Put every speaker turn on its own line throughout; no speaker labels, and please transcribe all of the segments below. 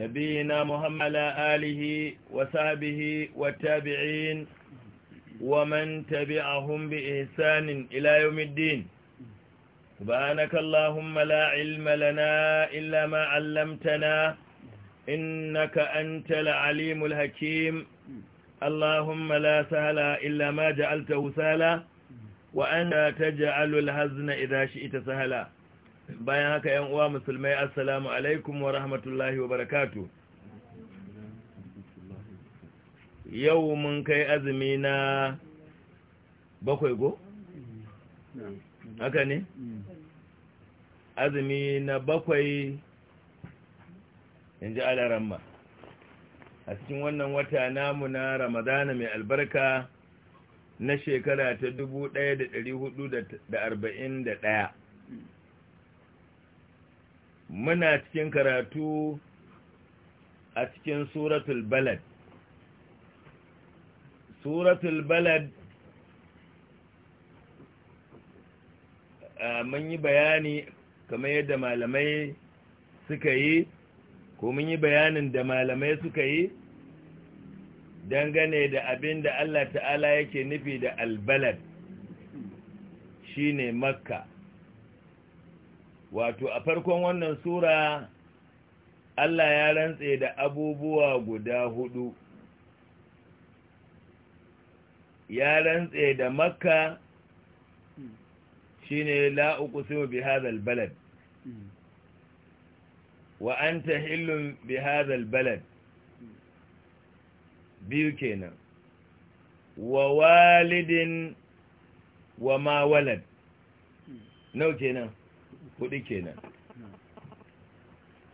نبينا محمد على آله وصحبه والتابعين ومن تبعهم بإحسان إلى يوم الدين سبحانك اللهم لا علم لنا إلا ما علمتنا إنك أنت العليم الحكيم اللهم لا سهل إلا ما جعلته سهلا وأنت تجعل الهزن إذا شئت سهلا bayan haka yan uwa musulmai assalamu alaikum wa rahmatullahi wa barakatu yau mun kai azumi na bakwai go? haka ne? azumi na bakwai in ji alaramma a cikin wannan wata namu na ramadana mai albarka na shekara ta dubu ɗaya da da da hudu ɗaya. muna cikin karatu a cikin suratul balad suratul balad ah, mun yi bayani kamar yadda malamai suka yi ko mun yi bayanin da malamai suka yi dangane da abin da Allah ta'ala yake nufi da albalad shine makka wato a farkon wannan sura Allah ya rantse da abubuwa guda hudu ya rantse da makka shine la uqsimu bi hadha balad wa anta hillun bi balad biyu kenan wa walidin wa ma walad nau kenan hudu kenan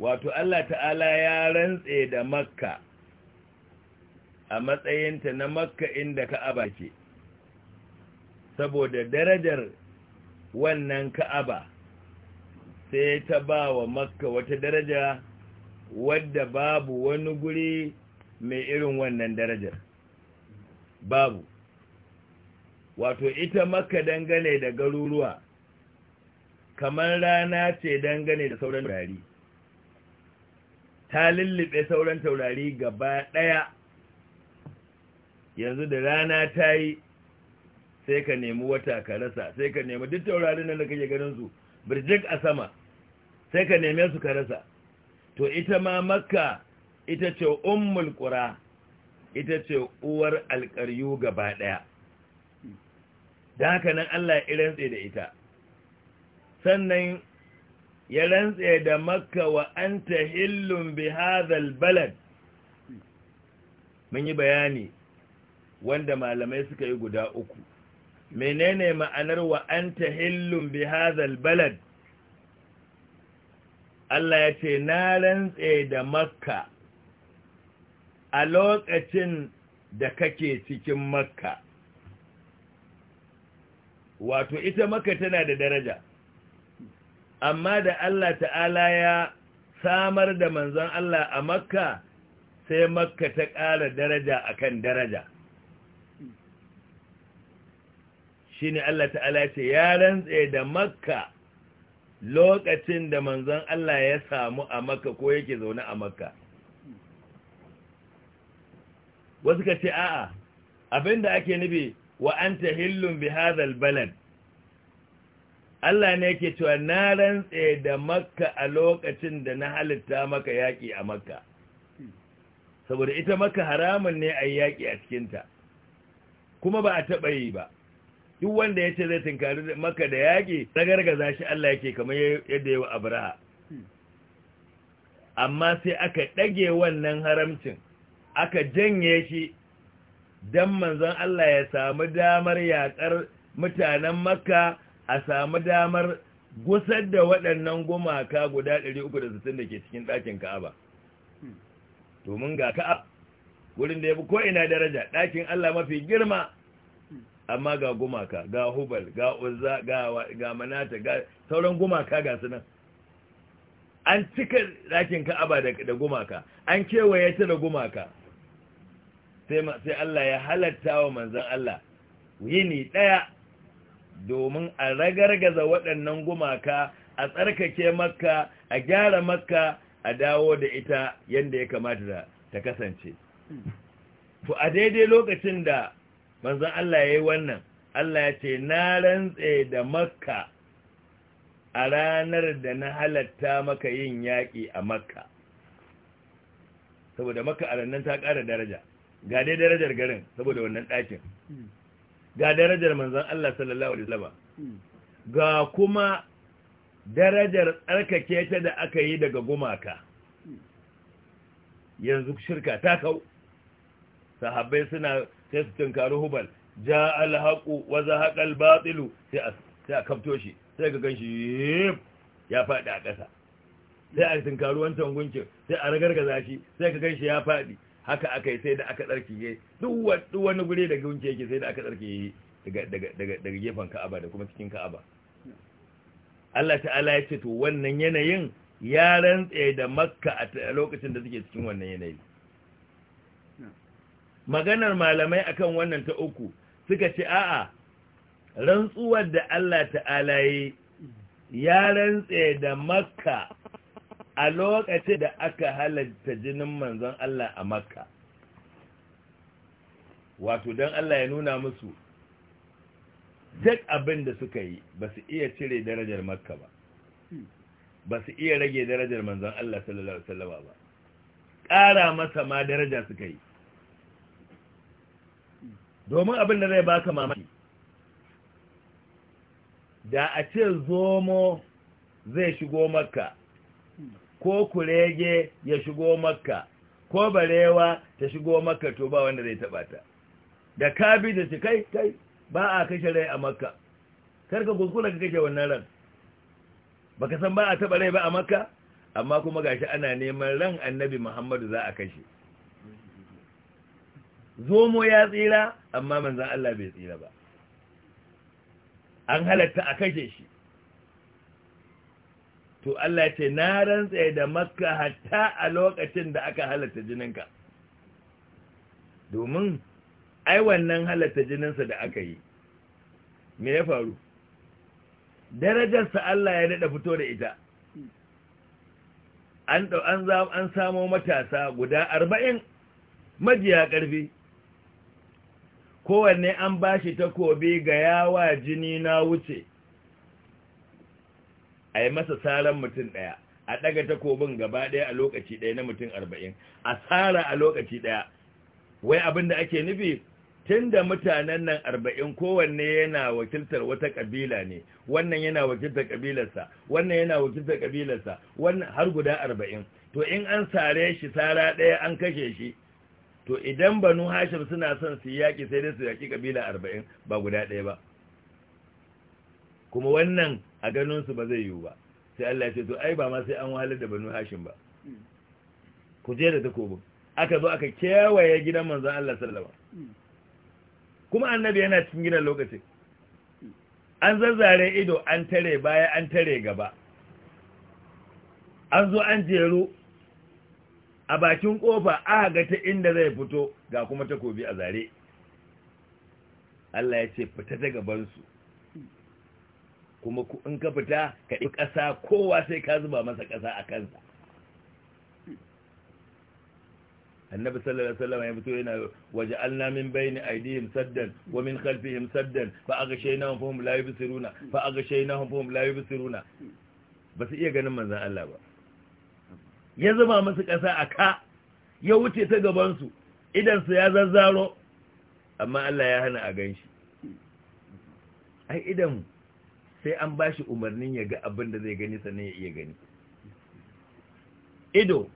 wato Allah ta'ala ya rantse da makka a matsayinta na makka inda ka'aba ce saboda darajar wannan ka'aba sai ta ba wa makka wata daraja wadda babu wani guri mai irin wannan darajar babu wato ita makka dangane da garuruwa kamar rana ce dangane da sauran taurari ta lullube sauran taurari gaba ɗaya yanzu da rana ta yi sai ka nemi wata ka rasa sai ka nemi duk taurarin nan da kake ganin su birjik a sama sai ka neme su ka rasa to ita ma makka ita ce ummul qura ita ce uwar alƙaryu gaba ɗaya da haka nan Allah ya rantse da ita sannan ya rantse da makka wa an ta hillun bi hadhal balad mun yi bayani wanda malamai suka yi guda uku menene ma'anar wa an ta hillun bi hadhal balad Allah ya ce na rantse da makka a lokacin da kake cikin makka wato ita makka tana da daraja amma da Allah ta'ala ya samar da manzon Allah a makka sai makka ta ƙara daraja akan daraja shine Allah ta'ala ce ya rantse da makka lokacin da manzon Allah ya samu a makka ko yake zaune a makka wasu ka ce a'a abinda ake nufi wa an hillun bi hadhal balad Allah ne yake cewa na rantse da makka a lokacin da na halitta maka yaƙi a makka saboda ita maka haramun ne a yaƙi a cikinta kuma ba a taɓa yi ba duk wanda ya ce zai tunkari maka da yaƙi ragargaza shi Allah yake kamar yadda yi yawa abraha amma sai aka ɗage wannan haramcin aka janye shi don manzon Allah ya samu damar yaƙar mutanen makka a samu damar gusar da waɗannan gumaka guda 360 da ke cikin ɗakin ka'aba domin ga ka'ab wurin da ya fi ko'ina daraja ɗakin Allah mafi girma amma ga gumaka ga hubal ga uzza ga manata ga sauran gumaka ga sunan an cika ɗakin ka'aba da gumaka an kewaye ta da gumaka sai Allah ya halatta wa manzan Allah yini ɗaya domin a ragargaza waɗannan gumaka a tsarkake makka a gyara makka a dawo da ita yadda ya kamata ta kasance to a daidai lokacin da manzon Allah ya yi wannan Allah ya ce na rantse da makka a ranar da na halatta maka yin yaƙi a makka saboda makka a ranar ta ƙara daraja ga dai darajar garin saboda wannan ɗakin hmm. ga darajar manzan Allah sallallahu alaihi wasallam hmm. ga kuma darajar tsarkake ta da aka yi daga gumaka hmm. yanzu shirka ta kau sahabbai suna sai su tunkari hubal ja Alhaku, wa haƙal albatilu sai a kafto shi sai ga ganshi ya faɗi a ƙasa sai a tunkari wancan gunkin sai a ragargaza shi sai ka ganshi ya faɗi haka aka yi sai da aka tsarkige duk wani guri da gunki yake sai da aka tsarkige daga gefen ka'aba da kuma cikin ka'aba Allah ta'ala ya ce to wannan yanayin ya rantse da makka a lokacin da suke cikin wannan yanayi maganar malamai akan wannan ta uku suka ce a'a rantsuwar da Allah ta'ala ya rantse da makka a lokacin da aka halatta jinin manzon Allah a makka wato don Allah ya nuna musu duk abin da suka yi ba su iya cire darajar makka ba ba su iya rage darajar manzon Allah sallallahu Alaihi ba ƙara masa ma daraja suka yi domin abin da zai baka mamaki da a ce zomo zai shigo makka ko kurege ya shigo makka ko barewa ta shigo makka to ba wanda zai taba ta da kabi da kai kai ba a kashe rai a makka karka kuskura ka kashe wannan ran baka san ba a taba rai ba a makka amma kuma gashi ana neman ran annabi muhammadu za a kashe zomo ya tsira amma manzan allah bai tsira ba an halatta a kashe shi to Allah ce na rantsa da makka hatta a lokacin da aka halatta jininka domin ai wannan halatta jininsa da aka yi me ya faru darajarsa Allah ya daɗa fito da ita an an samo matasa guda arba'in majiya ƙarfi kowanne an bashi takobi ga yawa jini na wuce a yi masa saran mutum ɗaya a ɗaga takobin gaba ɗaya a lokaci ɗaya na mutum arba'in a tsara a lokaci ɗaya wai abin da ake nufi tun da mutanen nan arba'in kowanne yana wakiltar wata kabila ne wannan yana wakiltar kabilarsa wannan yana wakiltar kabilarsa wannan har guda arba'in to in an sare shi tsara ɗaya an kashe shi to idan banu hashim suna son su yaƙi sai dai su yaƙi kabila arba'in ba guda ɗaya ba kuma wannan a ganin su ba zai yiwu ba sai Allah ya ce to ai ba ma sai an wahalar da banu hashin ba ku je da takobin aka zo aka kewaye gidan manzon Allah sallama kuma annabi yana cikin gidan lokacin an zazzare ido an tare baya an tare gaba an zo an jeru a bakin kofa aka ga ta inda zai fito ga kuma takobi a zare Allah ya ce fita ta su. kuma in ka fita ka ɗi ƙasa kowa sai ka zuba masa ƙasa a kansa annabi sallallahu alaihi wasallam ya fito yana waje alna min bayni aydihim saddan wa min khalfihim saddan fa aghshaynahum fahum la yubsiruna fa aghshaynahum fahum la yubsiruna ba su iya ganin manzon Allah ba ya zuba masa ƙasa a ka ya wuce ta gaban su idan su ya zazzaro amma Allah ya hana a ganshi ai idan sai an ba shi umarnin ya ga abin da zai gani sannan ya iya gani ido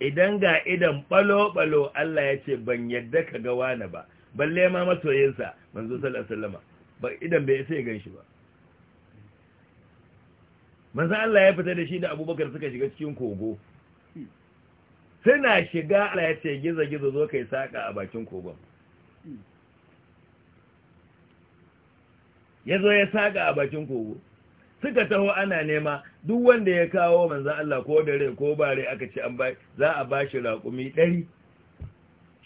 idan ga idan balo-balo Allah ya ce ban yadda ka ga wani ba balle ma masoyinsa manzo sallallahu alaihi ba idan bai sai ganshi ba manzo Allah ya fita da shi da Abubakar suka shiga cikin kogo suna shiga Allah ya ce gizo gizo zo kai saƙa a bakin kogon ya zo ya saga a bakin kogo suka taho ana nema duk wanda ya kawo manzan Allah ko da rai ko bare aka ce an za a ba shi raƙumi ɗari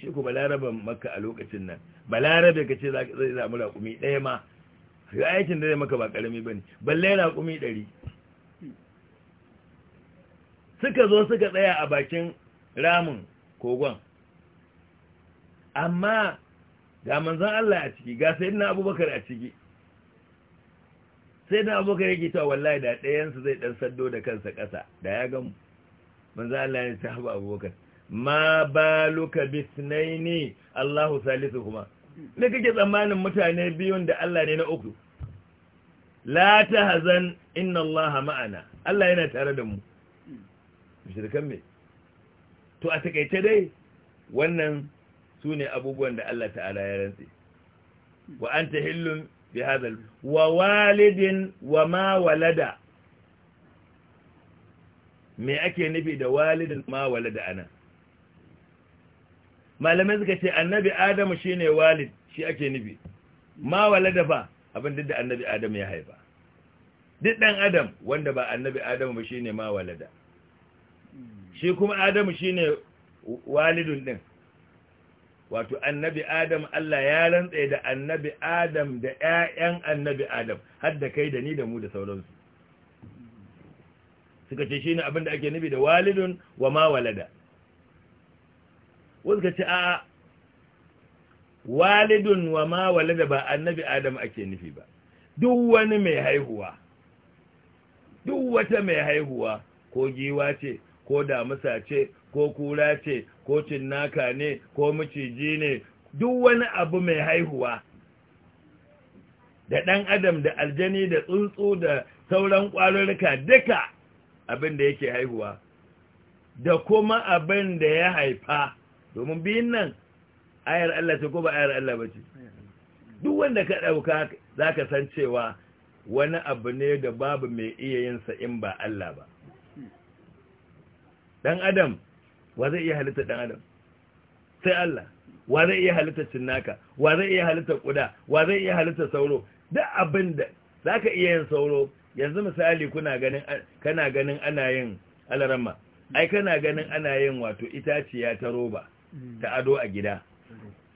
shi ku balaraban maka a lokacin nan balarabe ka ce zai zamu raƙumi ɗaya ma aikin da zai maka ba ƙarami ba ne balle raƙumi ɗari suka zo suka tsaya a bakin ramin kogon amma ga manzan Allah a ciki ga ina abubakar a ciki sai na abokan yake cewa wallahi da ɗayansu zai ɗan saddo da kansa ƙasa da ya gamu manzo Allah ya ce haba abubakar ma baluka bisnaini Allahu salisu kuma ne kake tsammanin mutane biyun da Allah ne na uku la tahzan inna Allah ma'ana Allah yana tare da mu shirkan me to a takeice dai wannan sune abubuwan da Allah ta'ala ya rantsi wa anta hillun bi hadal wa walidin wa ma walada me ake nufi da walidin ma walada ana malamai suka ce annabi adamu shine walid shi ake nufi ma walada fa abin da annabi adamu ya haifa duk dan adam wanda ba annabi adamu ba shine ma walada shi kuma adamu shine walidun din wato annabi adam Allah ya rantsa da annabi adam da ƴaƴan annabi adam har da kai da ni da mu da sauransu suka ce shine abin da ake nufi da walidun wa ma walada wasu ka ce a walidun wa ma walada ba annabi adam ake nufi ba duk wani mai haihuwa duk wata mai haihuwa ko giwa ce ko damusa ce ko kura ce ko cinnaka ne ko maciji ne duk wani abu mai haihuwa da ɗan adam da aljani da tsuntsu da sauran ƙwarurka duka abin da yake haihuwa da kuma abin da ya haifa domin biyun nan ayar Allah ce ko ba ayar Allah ba ce duk wanda ka ɗauka za ka san cewa wani abu ne da babu mai iya yinsa in ba Allah ba ɗan adam wa zai iya halitta dan adam sai Allah wa zai iya halitta cinnaka wa zai iya halitta kuda wa zai iya halitta sauro duk abin da zaka iya yin sauro yanzu misali kuna ganin kana ganin ana yin alarama ai kana ganin ana yin wato itaciya ta roba mm. ta ado a gida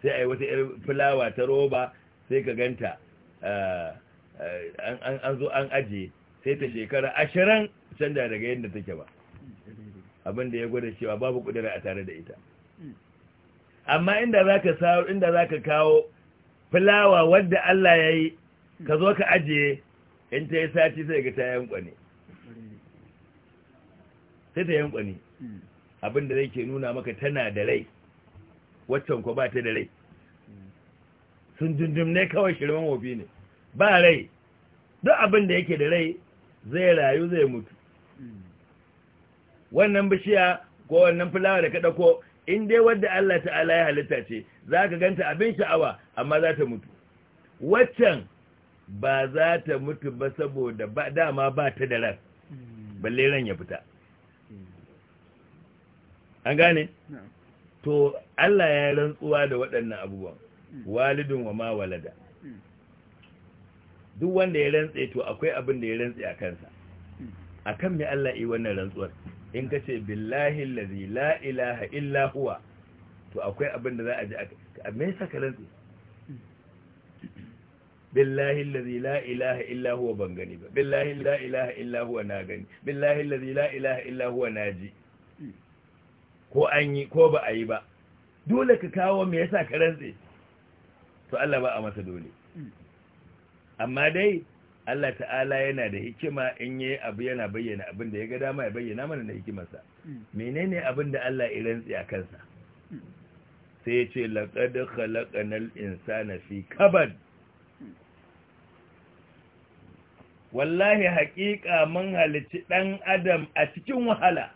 sai ai wata fulawa ta roba sai ka ganta eh, eh, an zo an ajiye sai ta shekara ashirin canja daga yadda take ba abin da ya gwada cewa babu kudura a tare da ita hmm. amma inda zaka sawo inda zaka kawo fulawa wadda Allah ya yi hmm. ka zo ka ajiye in ta yi sati sai ga ta yankwane sai ta yankwane hmm. abin da zai ke nuna maka tana da rai waccan ko ba ta da rai sun dundum ne kawai shirman wofi ne ba rai duk abin da yake da rai zai rayu zai mutu wannan bishiya ko wannan fulawa da ka ɗauko in dai wanda Allah ta'ala ya halitta ce za ka ganta abin sha'awa amma za ta mutu waccan ba za ta mutu ba saboda ba dama ba ta da ran balle ran ya fita an gane to Allah ya rantsuwa da waɗannan abubuwan walidun wa ma walada duk wanda ya rantse to akwai abin da ya rantse a kansa akan me Allah yi wannan rantsuwar in ka ce billahi allazi la ilaha illa huwa to akwai abin da za a ji a me yasa ka rantsi billahi allazi la ilaha illa huwa ban gani ba billahi la ilaha illa huwa na gani billahi allazi la ilaha illa huwa na ji ko an yi ko ba a yi ba dole ka kawo me yasa ka rantsi to Allah ba a masa dole hmm. amma dai Allah ta'ala yana da hikima in yi abu yana bayyana abin da ya ga dama ya bayyana mana da hikimarsa mm. menene abin da Allah ya rantsi a kansa mm. sai ya ce laqad khalaqanal insana fi kabad wallahi haƙiƙa mun halici ɗan adam a cikin wahala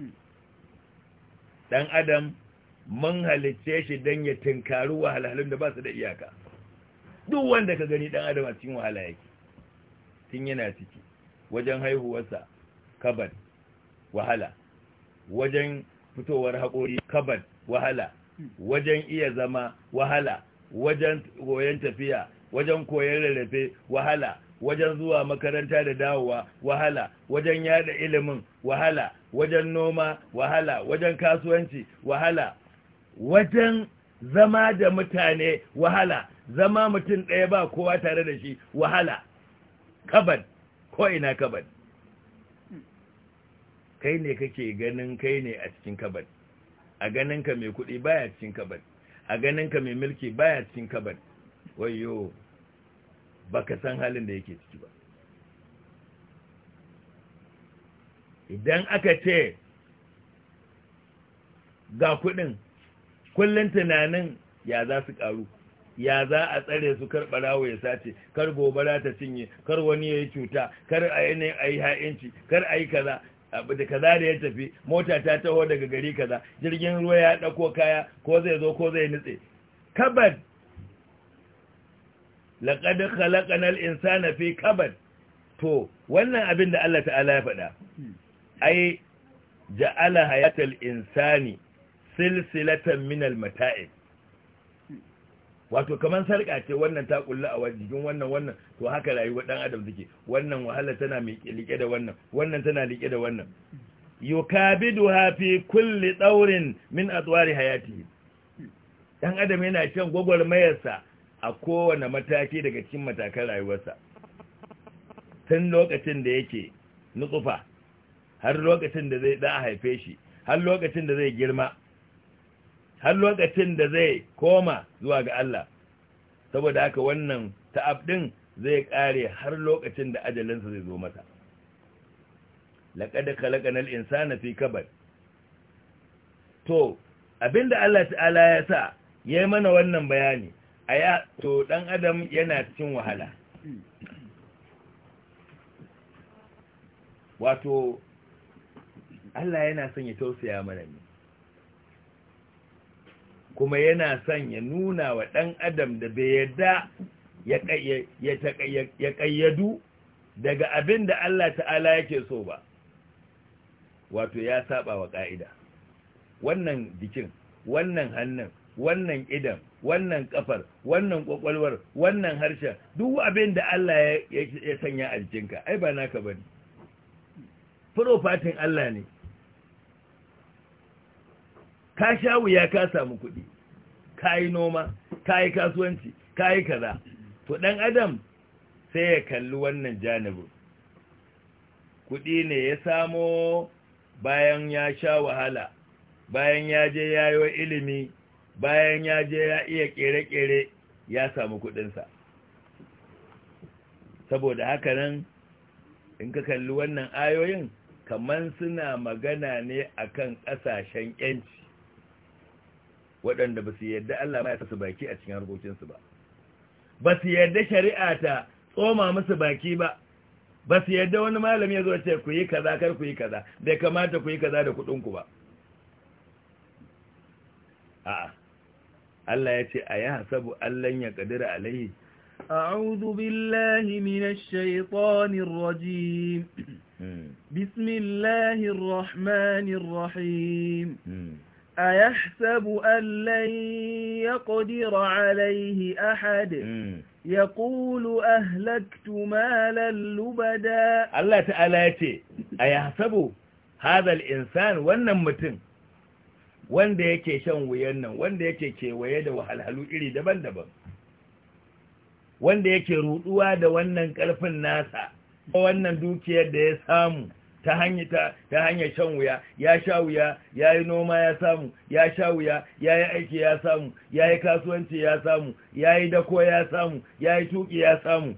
mm. ɗan adam mun halice shi don ya tinkari wahalhalun da ba su da iyaka duk wanda ka gani ɗan adam a cikin wahala yake tun yana ciki wajen haihuwarsa kabad wahala wajen fitowar haƙori kabad wahala wajen iya zama wahala wajen koyon tafiya wajen koyon rarrafe wahala wajen zuwa makaranta da dawowa wahala wajen yada ilimin wahala wajen noma wahala wajen kasuwanci wahala wajen zama da mutane wahala zama mutum ɗaya ba kowa tare da shi wahala kabad ko ina kabad kai ne kake ganin kai ne a cikin kabad a ganin mai kuɗi baya cikin kabad a ganin mai mulki baya cikin kabad wayo baka san halin da yake ciki ba idan aka ce ga kuɗin kullun tunanin ya za su ƙaru ya za a tsare su kar barawo ya sace kar gobara ta cinye kar wani ya yi cuta kar a yi a yi ha'inci kar a yi kaza abu da kaza da ya tafi mota ta taho daga gari kaza jirgin ruwa ya ɗauko kaya ko zai zo ko zai nutse kabad laqad khalaqana al-insana fi kabad to wannan abin da Allah ta'ala ya faɗa ai ja'ala hayatal insani silsilatan min al-mata'ib wato kamar sarka ce wannan ta kulla a jikin wannan wannan to haka rayuwar dan adam take wannan wahala tana liƙe da wannan wannan tana liƙe da wannan yukabiduha fi kulli daurin min atwari hayatihi dan adam yana shan gwagwarmayarsa a kowane mataki daga cikin matakan rayuwarsa tun lokacin da yake nutsufa har lokacin da zai da haife shi har lokacin da zai girma har lokacin da zai koma zuwa ga Allah saboda haka wannan ta'ab din zai ƙare har lokacin da ajalinsa zai zo mata laqad khalaqanal insana fi kabar. to abinda Allah ta'ala ya sa yayi mana wannan bayani aya to dan adam yana cin wahala wato Allah yana son ya tausaya mana ne kuma yana son ya nuna wa ɗan adam da bai yadda ya ƙayyadu daga abin da Allah ta'ala yake so ba wato ya saba wa ƙa'ida wannan jikin wannan hannun wannan idan wannan ƙafar, wannan ƙwaƙwalwar, wannan harshen duk abin da Allah ya sanya a jikinka ai ba naka bane profatin Allah ne ka sha wuya ka samu kuɗi ka yi noma ka yi kasuwanci ka yi kaza to ɗan adam sai ya kalli wannan janibin kuɗi ne ya samo bayan ya sha wahala bayan ya je ya yi wa ilimi bayan ya je ya iya ƙere-ƙere ya samu kuɗinsa saboda haka nan in ka kalli wannan ayoyin kamar suna magana ne akan ƙasashen 'yanci waɗanda ba su yarda Allah ya su baki a cikin harkokinsu ba ba su yarda shari'a ta tsoma musu baki ba ba su yarda wani malami ya zo ce ku yi kaza kar ku yi kaza bai kamata ku yi kaza da kuɗinku ba a'a Allah ya ce a yi hasabu Allah ya kadira alaihi
أعوذ بالله من الشيطان الرجيم بسم الله الرحمن الرحيم أيحسب أن لن يقدر عليه أحد يقول أهلكت مالا لبدا
الله تعالى يتي أيحسب هذا الإنسان ونمتن wanda yake shan wuyan nan wanda yake kewaye da wahalhalu iri daban-daban wanda yake ruduwa da wannan karfin nasa wannan dukiyar da ya samu ta hanyar ta ta hanyar shan wuya ya sha wuya ya yi noma ya samu ya sha wuya ya yi aiki ya samu ya yi kasuwanci ya samu ya yi dako ya samu ya yi tuki ya samu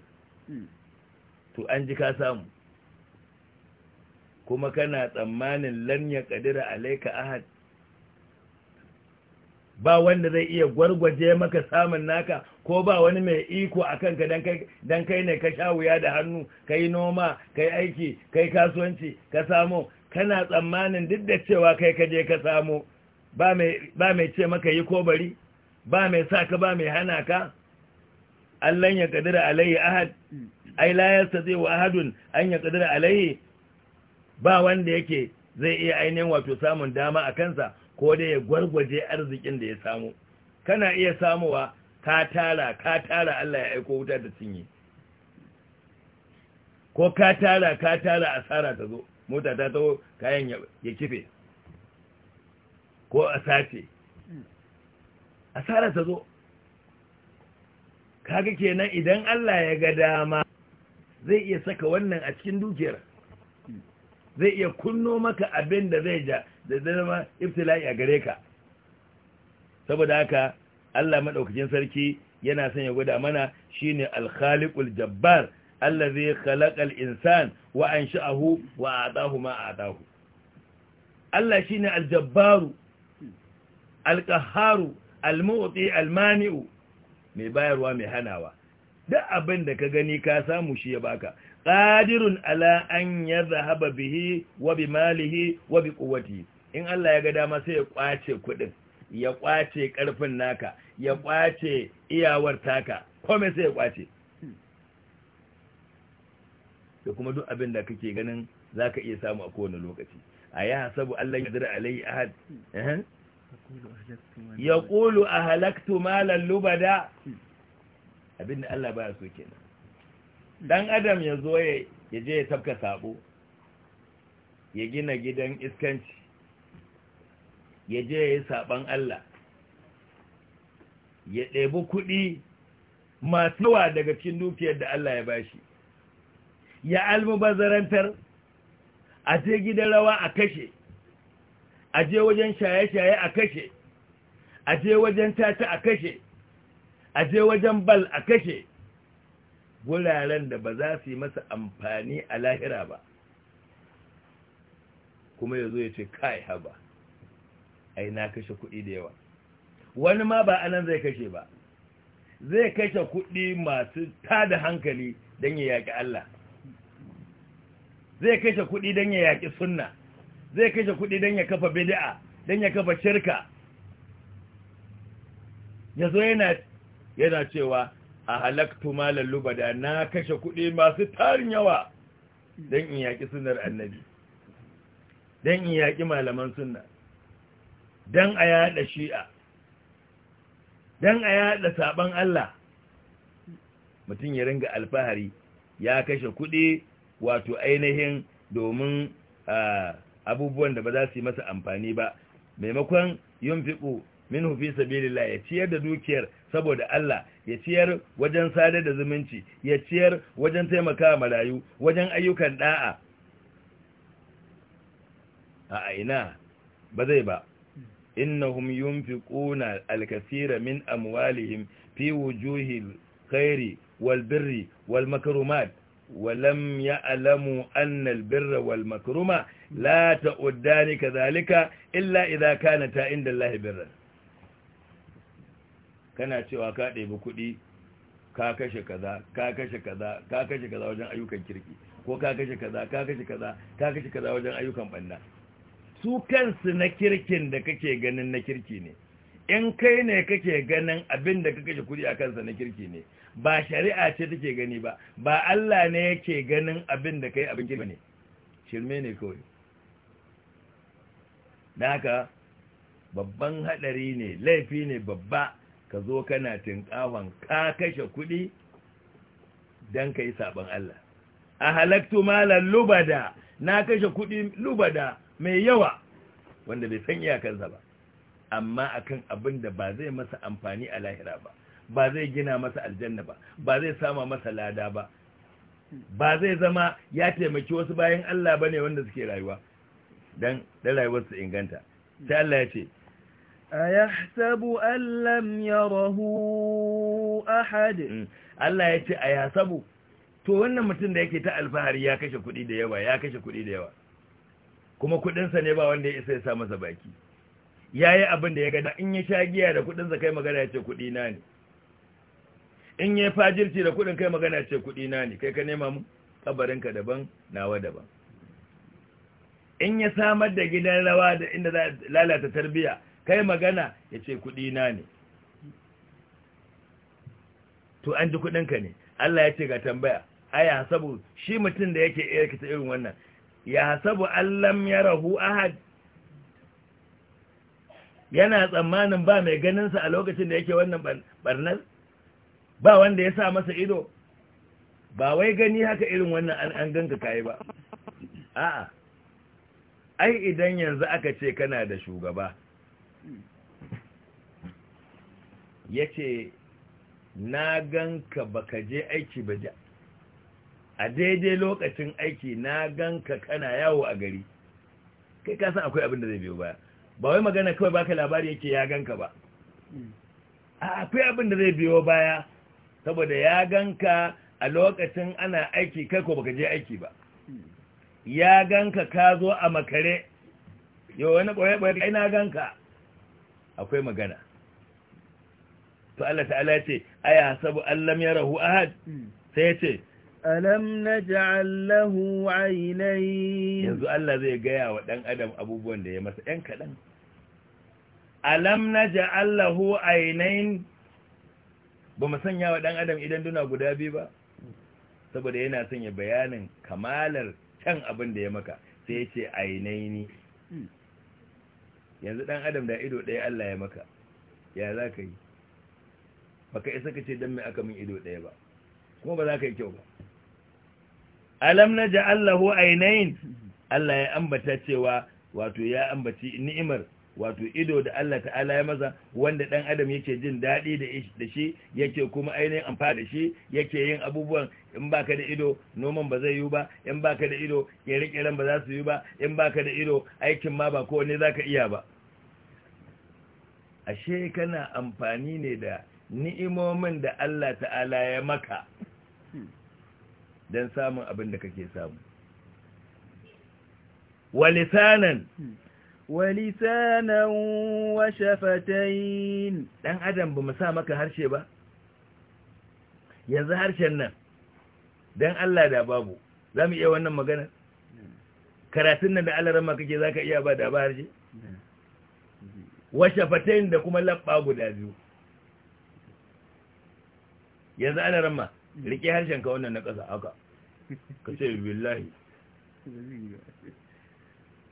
to an ji ka samu kuma kana tsammanin lanyan kadira alaika ahad ba wanda zai iya gwargwaje maka samun naka ko ba wani mai iko a kanka don kai ne ka sha wuya da hannu ka yi noma ka yi aiki ka yi kasuwanci ka samo kana tsammanin duk da cewa kai ka je ka samo ba mai ce maka yi ko bari ba mai sa ka ba mai hana ka allon ya kadira alayhi ahad ai layarsa zai wa ahadun an ya kadira alayhi ba wanda yake zai iya ainihin wato samun dama a kansa ko dai ya gwargwaje arzikin da ya samu kana iya samuwa ka tara ka tara Allah ya aiko wuta da cinye ko ka tara ka tara asara ta zo mota ta taho kayan ya kife ko a sace asara ta zo kaga kenan idan Allah ya ga dama zai iya saka wannan a cikin dukiyar zai iya kunno maka abin da zai ja da zama ibtila'i a gare ka saboda haka Allah madaukakin sarki yana son ya gwada mana shine al-khaliqul jabbar allazi khalaqal insan wa ansha'ahu wa a'tahu ma a'tahu Allah shine al-jabbaru al-qahharu al mai bayarwa mai hanawa duk abin da ka gani ka samu shi ya baka qadirun ala an yadhhaba bihi wa bi malihi wa bi quwwatihi in Allah ya ga dama sai ya kwace kuɗin ya kwace karfin naka ya kwace iyawar taka komai sai ya kwace da kuma duk abin da kake ganin za ka iya samu a kowane lokaci a yi hasabu Allah ya zira alai ahad ya ƙulu a halaktu malar lubada abin da Allah baya so kenan dan adam ya zo ya je ya tafka sabo ya gina gidan iskanci ya je ya yi saɓan Allah ya ɗebi kuɗi masu yawa daga cikin dukiyar da Allah ya ba shi, ya bazarantar, a je gidan rawa a kashe a je wajen shaye-shaye a kashe a je wajen tata a kashe a je wajen bal a kashe guraren da ba za su yi masa amfani a lahira ba kuma ya zo ya ce kai haba ai na kashe kuɗi da yawa wani ma ba anan zai kashe ba zai kashe kuɗi masu tada hankali don ya yaƙi Allah zai kashe kuɗi don ya yaƙi sunna zai kashe kuɗi don ya kafa bid'a don ya kafa shirka ya zo yana yana cewa a halaktu malar lubada na kashe kuɗi masu tarin yawa don in yaƙi sunar annabi don in yaƙi malaman sunna don a yada shi'a don a yada saban Allah mutum ya ringa alfahari ya kashe kuɗi wato ainihin domin abubuwan da ba za su yi masa amfani ba maimakon yin fiƙo min hufi sabilillah ya ciyar da dukiyar saboda Allah ya ciyar wajen sadar da zumunci ya ciyar wajen taimaka marayu wajen ayyukan da'a a ina ba zai ba innahum yunfiquna al-kathira min amwalihim fi wujuhi khairi walbirri birri walam makrumat ولم يعلموا أن البر والمكرمة لا تؤدان كذلك إلا إذا كانتا عند الله برا kana cewa ka ɗebi kuɗi ka kashe kaza ka kashe kaza ka kashe kaza wajen ayyukan kirki ko ka kashe kaza ka kashe kaza ka kashe kaza wajen ayyukan banna su kansu na kirkin da kake ganin na kirki ne in kai ne kake ganin abin da kake kudi a kansa na kirki ne ba shari'a ce take gani ba ba Allah ne yake ganin abin da kai abin kirki ne shirme ne kawai da haka babban hadari ne laifi ne babba ka zo kana tinkawan ka kashe kudi don ka yi sabon Allah a halaktu malar lubada na kashe kudi lubada mai yawa wanda bai san iyakansa ba amma akan abin da ba zai masa amfani a lahira ba ba zai gina masa aljanna ba ba zai sama masa lada ba ba zai zama ya taimaki wasu bayan Allah bane wanda suke rayuwa dan rayuwar rayuwarsu inganta sai Allah ya ce
ayahsabu an lam yarahu
ahad mm. Allah ya ce ayahsabu to wannan mutum da yake ta alfahari ya kashe kuɗi da yawa ya kashe kuɗi da yawa kuma kuɗinsa ne ba wanda ya isa ya sa masa baki ya yi abin da ya gada in ya sha giya da kudinsa kai magana ya ce kudi na ne in ya fajirci da kuɗin kai magana ya ce kudi na ne kai ka nema mu kabarinka daban nawa daban in ya samar da gidan rawa da inda za lalata tarbiya kai magana ya ce kudi na ne to an ji kuɗinka ne Allah ya ce ga tambaya aya sabu shi mutum da yake iya kita irin wannan ya sabu allam ya rahu ahad yana tsammanin ba mai ganinsa a lokacin da yake wannan barnar ba wanda ya sa masa ido ba wai gani haka irin wannan an ganka kai ba a'a ai idan yanzu aka ce kana da shugaba yace na ganka baka je aiki ba a daidai lokacin aiki na ganka kana yawo a gari kai ka san akwai abin da zai biyo baya ba wai magana kawai baka labari yake ya ganka ba a akwai abin da zai biyo baya saboda ya ganka a lokacin ana aiki kai ko baka je aiki ba ya ganka ka zo a makare yau wani ɓoye-ɓoye kai na ganka akwai magana to Allah ta'ala ce aya sabu Allah ya rahu ahad hmm. sai ya ce alam na ja’allahu ainihi. yanzu Allah zai gaya wa ɗan adam abubuwan da ya masa 'yan kaɗan alam na ja’allahu ainihi ba mu sanya wa ɗan adam idan duna guda biyu ba saboda yana sanya bayanin kamalar can abin da ya maka sai ya ce ne. yanzu ɗan adam da ido ɗaya Allah ya maka ya za ka yi Ba ka isa ka ce don me aka min ido ɗaya ba kuma ba za ka yi kyau ba alam ji lahu aynayn Allah ya ambata cewa wato ya ambaci ni'imar wato ido da Allah ta'ala ya maza wanda ɗan adam yake jin daɗi da shi yake kuma ainihin amfani da shi yake yin abubuwan in baka da ido noman ba zai yi ba in baka da ido kere-keren ba za su yi ba in baka da ido aikin ma ba kowane za ka iya ba ashe kana amfani ne da ni'imomin da Allah ta'ala ya maka don samun abin da kake samu walisanan hmm. walisanan wa shafatain dan adam ba mu sa maka harshe ba yanzu harshen nan dan Allah da babu za mu iya wannan magana hmm. karatun nan da Allah kake za ka iya ba da ba harshe hmm. wa shafatain da kuma labba guda biyu yanzu Allah riƙe harshen ka wannan na ƙasa haka ka ce billahi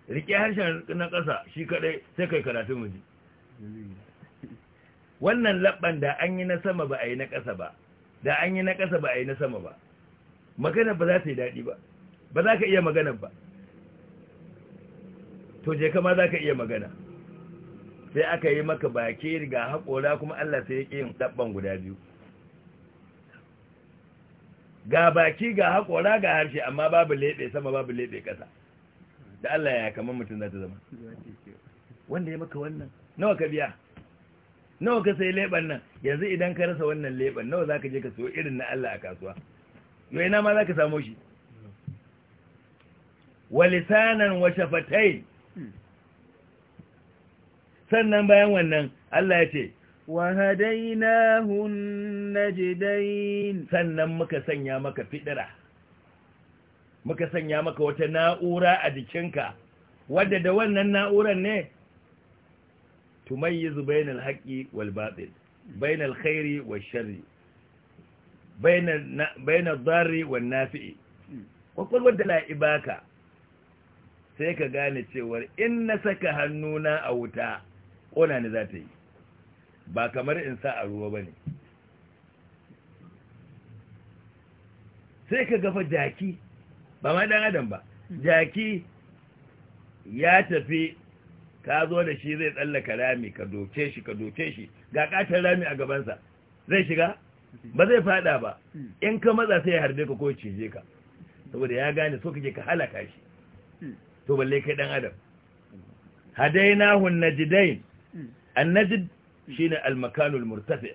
riƙe harshen na ƙasa shi kaɗai sai kai karatu mu ji wannan labban da an yi na sama ba a yi na ƙasa ba da an yi na ƙasa ba a yi na sama ba magana ba za ta yi daɗi ba ba za ka iya magana ba to je kama za ka iya magana sai aka yi maka baki riga haƙora kuma Allah sai ya ƙi yin labban guda biyu ga baki ga haƙora ga harshe amma babu leɓe sama babu leɓe ƙasa da Allah ya kamar mutum za ta zama wanda ya maka wannan nawa ka biya nawa ka sai leɓen nan yanzu idan ka rasa wannan leɓen nawa za ka je ka so irin na Allah a kasuwa yau ina ma za ka samo shi walisanan wa shafatai
hmm. sannan bayan wannan Allah ya ce وهديناه
النجدين sannan muka sanya maka fidira muka sanya maka wata na'ura a jikinka wadda da wannan na'uran ne tumayyizu bainal haqqi wal batil bainal khairi wash sharri bainal darri wan nafi'i kwakwalwar da ibaka sai ka gane cewar in na saka hannuna a wuta ƙona ni za ta yi ba kamar in sa a ruwa ba ne sai ka gafa jaki ba ma dan adam ba jaki ya tafi ka zo da shi zai tsallaka rami ka doke shi ka doke shi ga katon rami a gabansa zai shiga ba zai fada ba in ka maza sai ya harbe ka ko cije ka saboda ya gane so kake ka halaka shi to balle kai dan adam hadainahu najdain annajid shine al-makanul murtafi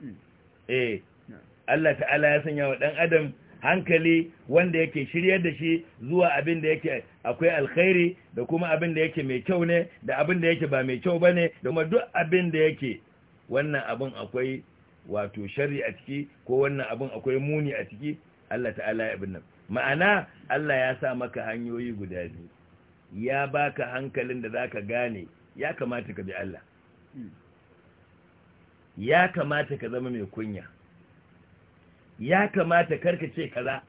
hmm. eh Allah ta'ala ya sanya wa dan adam hankali wanda yake shiryar da shi zuwa abin da yake akwai alkhairi da kuma abin da yake mai kyau ne da abin da yake ba mai kyau bane da kuma duk abin da yake wannan abin akwai wato shari'a a ciki ko wannan abin akwai muni a ciki Allah ta'ala ya binna ma'ana Allah ya sa maka hanyoyi guda biyu ya baka hankalin da zaka gane ya kamata ka bi Allah hmm. ya kamata ka zama mai kunya ya kamata karka ce kaza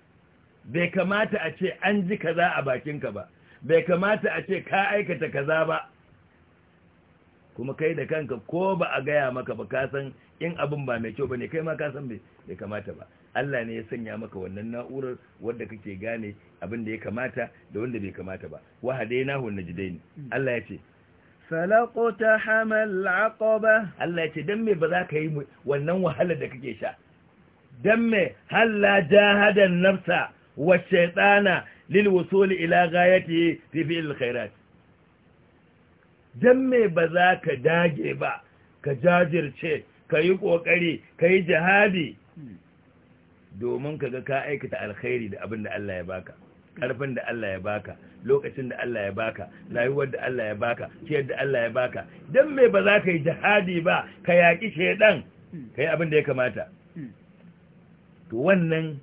bai kamata a ce an ji kaza a bakinka ba bai kamata a ce ka aikata kaza ba kuma kai da kanka ko ba a gaya maka ba ka san in abin ba mai kyau ba ne kai ma ka san bai kamata ba Allah ne ya sanya maka wannan na'urar wadda kake gane abin da ya kamata da wanda bai kamata ba na jidai ne Allah ya ce falakota hamal aqaba Allah ya ce dan me ba za ka yi wannan wahalar da kake sha dan me halla jahadan nafsa wa shaytana lil wusul ila ghayati fi fil khairat dan me ba za ka dage ba ka jajirce ka yi kokari ka yi jihadi hmm. domin kaga ka aikata alkhairi da abin da Allah ya baka karfin da Allah ya baka lokacin da Allah ya baka rayuwar da Allah ya baka ciyar da Allah ya baka dan me ba za ka yi jihadi ba ka yaki shedan ka yi abin da ya kamata to wannan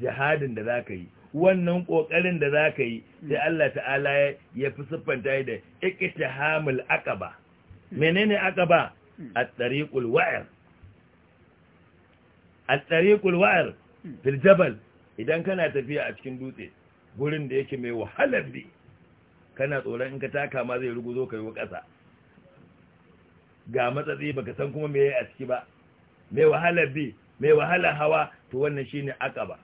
jihadin da za ka yi wannan ƙoƙarin da za ka yi sai Allah ta'ala ya fi siffanta da hamul aqaba menene aqaba at-tariqul wa'ir at-tariqul wa'ir fil jabal idan kana tafiya a cikin dutse gurin da yake mai wahalar bi kana tsoron in ka taka ma zai ruguzo ka yi wa ƙasa ga matsatsi baka san kuma me a ciki ba mai wahalar bi mai wahalar hawa to wannan shine akaba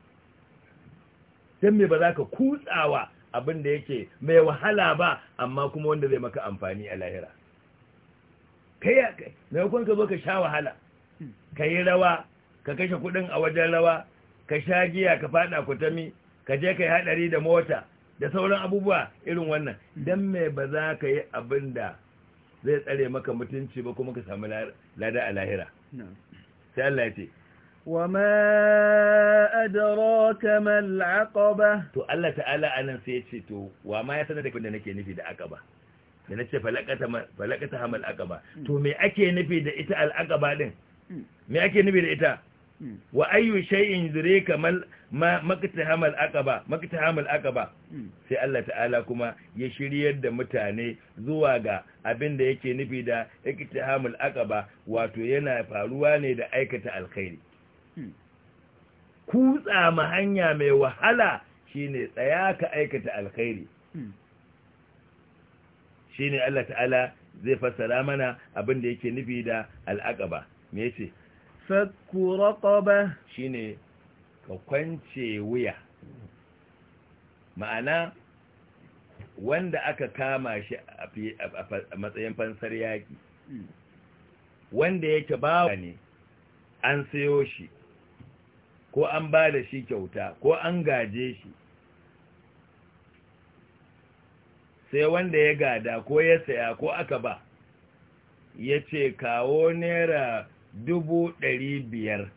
sai me ba za ka kutsawa abin da yake mai wahala ba amma kuma wanda zai maka amfani a lahira kai kai ka zo ka sha wahala ka yi rawa ka kashe kuɗin a wajen rawa ka sha giya ka fada kutami ka je ka yi hadari da mota da sauran abubuwa irin wannan dan me ba za ka yi abin da zai tsare maka mutunci ba kuma ka samu lada a lahira sai Allah ya ce
wa ma adraka mal aqaba
to Allah ta'ala anan sai ya ce to wa ma ya sanar da kun nake nufi da aqaba da na ce falakata hamal aqaba mm. to me ake nufi da ita aqaba din mm. me ake nufi da ita wa ayyu shay'in yudrika mal maktahamal aqaba maktahamal aqaba sai Allah ta'ala kuma ya shiryar da mutane zuwa ga abin da yake nufi da iktihamul aqaba wato yana faruwa ne da aikata alkhairi kutsa ma hanya mai wahala shine tsaya ka aikata alkhairi shine Allah ta'ala zai fassara mana abin da yake nufi da al'aqaba me yace
fakku raqaba
shine ka kwance wuya ma'ana wanda aka kama shi a matsayin fansar yaki. wanda yake bawa ne an sayo shi ko an ba da shi kyauta ko an gaje shi sai wanda ya gada ko ya saya ko aka ba ya ce kawo naira dubu ɗari biyar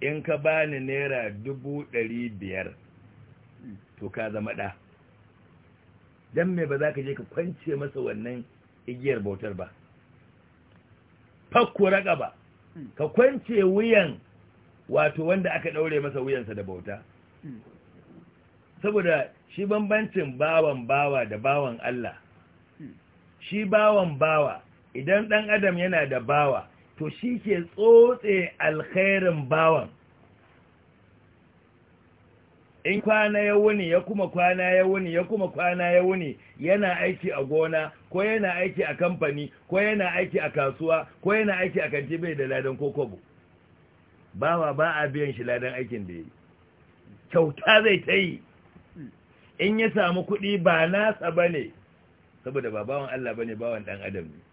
in ka bani naira dubu ɗari biyar to ka zama ɗa don me ba za ka je ka kwance masa wannan igiyar bautar ba fakku raka ba ka kwance wuyan wato wanda aka ɗaure masa wuyansa da bauta saboda shi bambancin bawan bawa da bawan Allah shi bawan bawa idan ɗan adam yana da bawa to shi ke tsotse alkhairin bawan in kwana ya wuni ya kuma kwana ya wuni ya kuma kwana ya wuni yana aiki a gona ko yana aiki a kamfani ko yana aiki a kasuwa ko yana aiki a kanti bai da ladan kokobo bawa ba a biyan shi ladan aikin da ya yi kyauta zai ta yi in ya samu kuɗi ba nasa ba ne saboda ba bawan Allah ba ne bawan ɗan adam ne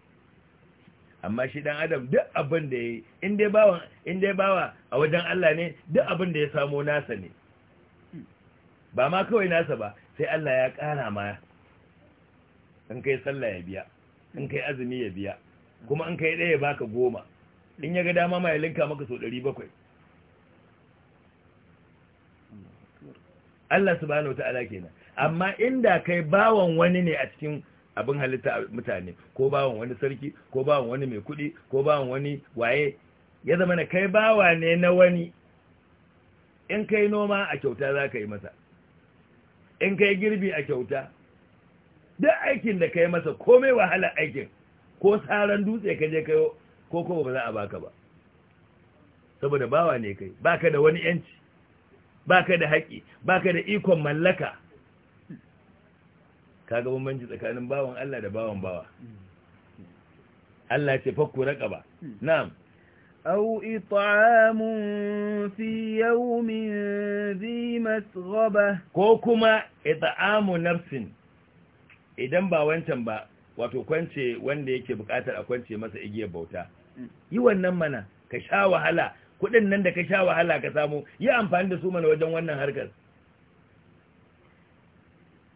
amma shi dan adam duk abin da yayi in dai bawa in dai bawa a wajen Allah ne duk abin da ya samo nasa ne ba ma kawai nasa ba sai Allah ya ƙara ma in kai sallah ya biya in kai azumi ya biya kuma in kai ɗaya baka goma in ya ga dama ma ya linka maka so ɗari bakwai Allah subhanahu wa ta'ala kenan amma inda kai bawan wani ne a cikin abin halitta a mutane ko bawan wani sarki ko bawan wani mai kuɗi ko bawan wani waye ya zama na kai bawa ne na wani in kai noma a kyauta za ka yi masa in kai girbi a kyauta duk aikin da ka yi masa komai wahalar aikin ko tsaron dutse ka je kai ko kuma ba za a baka ba saboda bawa ne kai baka da wani yanci baka da haƙi baka da ikon mallaka kaga bambanci tsakanin bawan Allah da bawan bawa Allah ce fakku raqaba
na'am it'amun fi yawmin يوم masghaba
ko kuma it'amu nafsin. idan ba wancan ba wato kwance wanda yake bukatar a kwance masa igiyar bauta yi wannan mana ka sha wahala kudin nan da ka sha wahala ka samu yi amfani da su mana wajen wannan harkar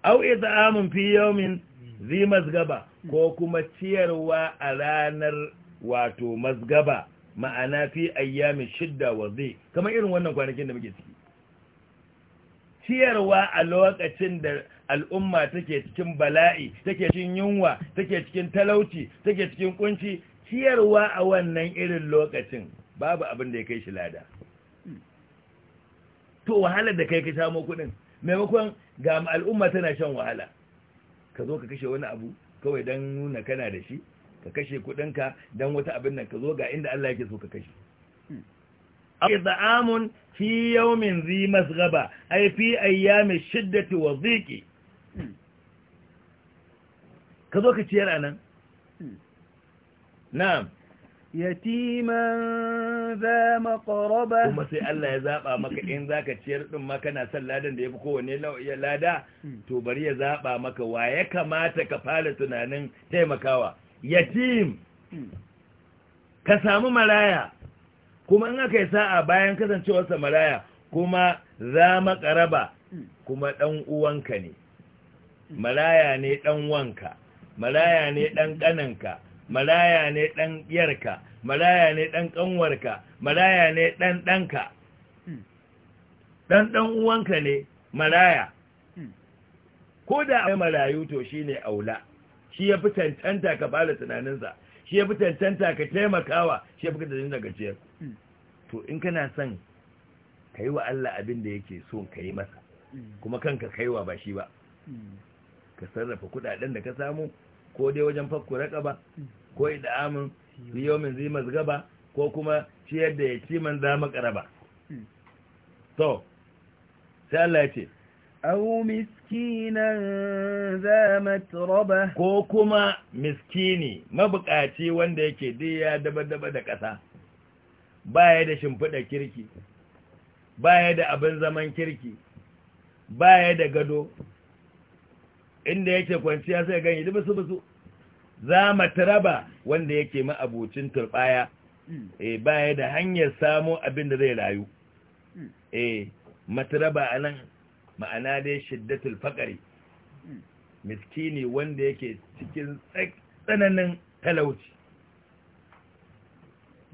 au it'amun fi yawmin zi masgaba ko kuma ciyarwa a ranar wato masgaba ma'ana fi ayyamin shidda wa zai kamar irin wannan kwanakin da muke ciki ciyarwa a lokacin da al'umma take cikin bala'i take cikin yunwa take cikin talauci take cikin kunci ciyarwa a wannan irin lokacin babu abin da ya kai shi lada to wahalar da kai ka samo kuɗin, maimakon ga al'umma tana shan wahala ka zo ka kashe wani abu kawai don nuna kana da shi ka kashe kudinka don wata abin nan ka zo ga inda Allah yake so ka kashe ay da'amun fi yawmin zi masghaba ay fi ayyami shiddati wa dhiqi ka zo ka ciyar anan hmm. na'am yatiman za maqraba kuma sai Allah ya zaba maka in zaka ciyar din ma kana son ladan da yafi kowanne ya lada hmm. to bari ya zaba maka wa ya kamata ka fara tunanin taimakawa yatim hmm. ka samu maraya kuma in aka yi sa'a bayan kasancewarsa maraya kuma za makaraba hmm. kuma ɗan uwanka ne maraya ne ɗan wanka maraya ne ɗan ƙananka maraya ne ɗan yarka, maraya ne ɗan ƙanwarka maraya ne ɗan ɗanka hmm. ɗan ɗan uwanka ne maraya hmm. ko da akwai marayu to shi ne aula shi ya fi cancanta ka bada tunaninsa shi ya fi cancanta ka taimakawa shi ya fi cancanta daga ciyar hmm. to in kana son ka yi wa Allah abin da yake so ka yi masa kuma kanka kaiwa ba shi ba ka sarrafa kudaden da ka samu ko dai wajen fakku ba ko ida'amin hmm. liyomin zai mazgaba ko kuma ciyar da ya ci man zama karaba. to sai Allah ya ce
au miskinan za matraba ko kuma
miskini mabukaci wanda yake dai daba-daba da ƙasa baya da shimfiɗa kirki baya da abin zaman kirki baya da gado inda yake kwanciya sai ganye yi busu busu za mu mataraba wanda yake ma'abucin turbaya hmm. eh baya da hanyar samo abin da zai rayu hmm. eh mataraba anan ma'ana dai shiddatul faqari hmm. miskini wanda yake cikin tsananin talauci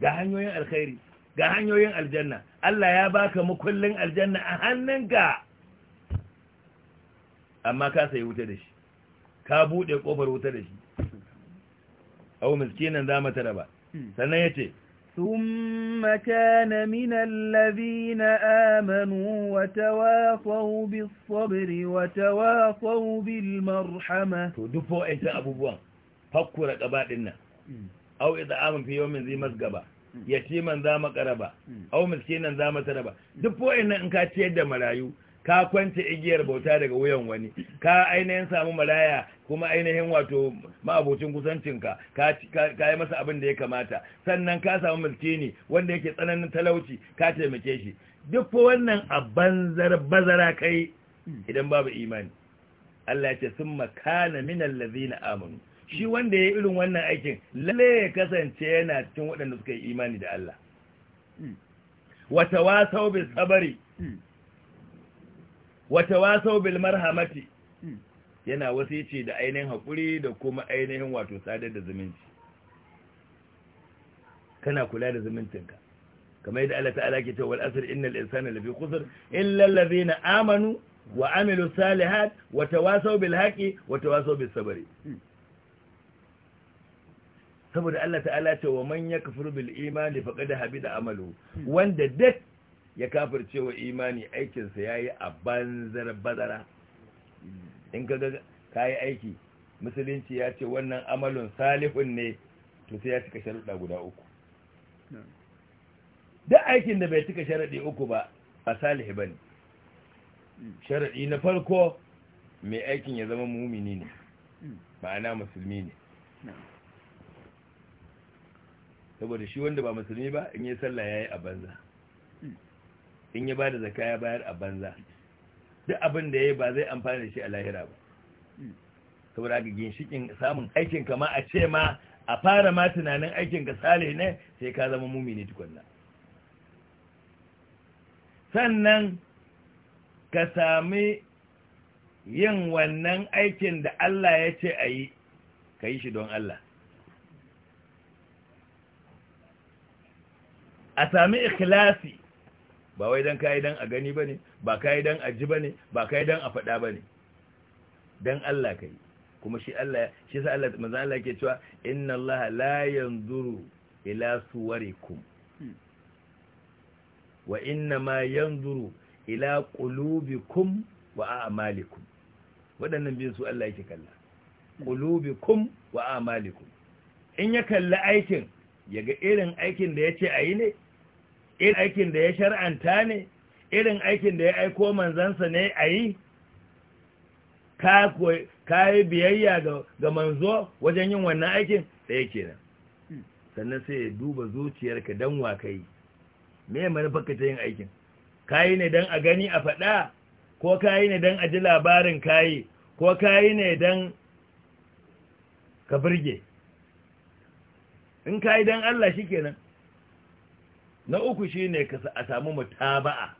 ga hanyoyin alkhairi ga hanyoyin aljanna Allah ya baka mukullin aljanna a hannunka amma ka sayi wuta da shi ka buɗe ƙofar wuta da shi au miskinan za mu tara ba hmm. sannan yace
thumma kana min alladhina amanu wa tawafu bis sabr wa tawafu bil marhama to
dufo ai ta abubuwan fakkura gaba dinnan hmm. au idza amanu fi yawmin zi masgaba hmm. yatiman za mu karaba au miskinan za mu tara ba dufo ina in ka ciyar da marayu ka kwance igiyar bauta daga wuyan wani ka ainihin samu malaya kuma ainihin wato ma'abocin kusancinka ka yi masa abin da ya kamata sannan ka samu miltini wanda yake tsananin talauci ka taimake shi duk wannan a banzar bazara kai idan babu imani Allah ce sun makana minan lazina amanu shi wanda ya irin wannan aikin lalle ya kasance yana cikin waɗanda suka yi imani da Allah hmm. wata wasau bai sabari hmm. wata wasau bilmar hamati hmm. yana wasu wasici da ainihin haƙuri da kuma ainihin wato sadar da zumunci kana kula da zumuncinka kamar yadda Allah ta'ala ke cewa wal asr innal insana lafi khusr illa allazina amanu wa amilu salihat wa tawasaw bil haqqi wa tawasaw bis sabri hmm. saboda Allah ta'ala ce wa man yakfur bil imani faqad habida amalu hmm. wanda duk ya kafar cewa imani aikinsa ya yi a banzar bazara in ka ga ka yi aiki musulunci ya ce wannan amalin salihun ne to sai ya cika sharuɗa guda uku da aikin da bai cika sharaɗi uku ba a salihi ba ne sharaɗi na farko mai aikin ya zama mumini ne ma'ana musulmi ne saboda shi wanda ba musulmi ba in yi sallah ya yi a banza in ya bada zaka ya bayar a banza duk abin da ya ba zai amfana da shi a lahira ba saboda ga ginshikin samun aikin kama ma a ce ma a fara ma tunanin aikin ka salih ne sai ka zama mumini tukunna sannan ka sami yin wannan aikin da Allah ya ce a yi ka yi shi don Allah a sami ikhlasi ba wai dan kai dan a gani bane ba kai dan a ji bane ba kai dan a faɗa bane dan Allah kai kuma shi Allah shi sa Allah manzo Allah yake cewa inna Allah la yanzuru ila suwarikum wa inna ma yanzuru ila qulubikum wa a'malikum waɗannan biyu su Allah yake kalla qulubikum wa a'malikum in ya kalla aikin yaga irin aikin da yace ayi ne irin aikin da ya shar'anta ne irin aikin da ya aiko manzansa ne a yi ka yi biyayya ga manzo wajen yin wannan aikin da yake nan hmm. sannan sai ya duba zuciyarka don ka yi me ka ta yin aikin ka yi ne don a gani a faɗa ko ka yi ne don a ji labarin ka yi ko ka yi ne don ka birge in ka yi don Allah shi kenan na uku ne ka a samu mutaba'a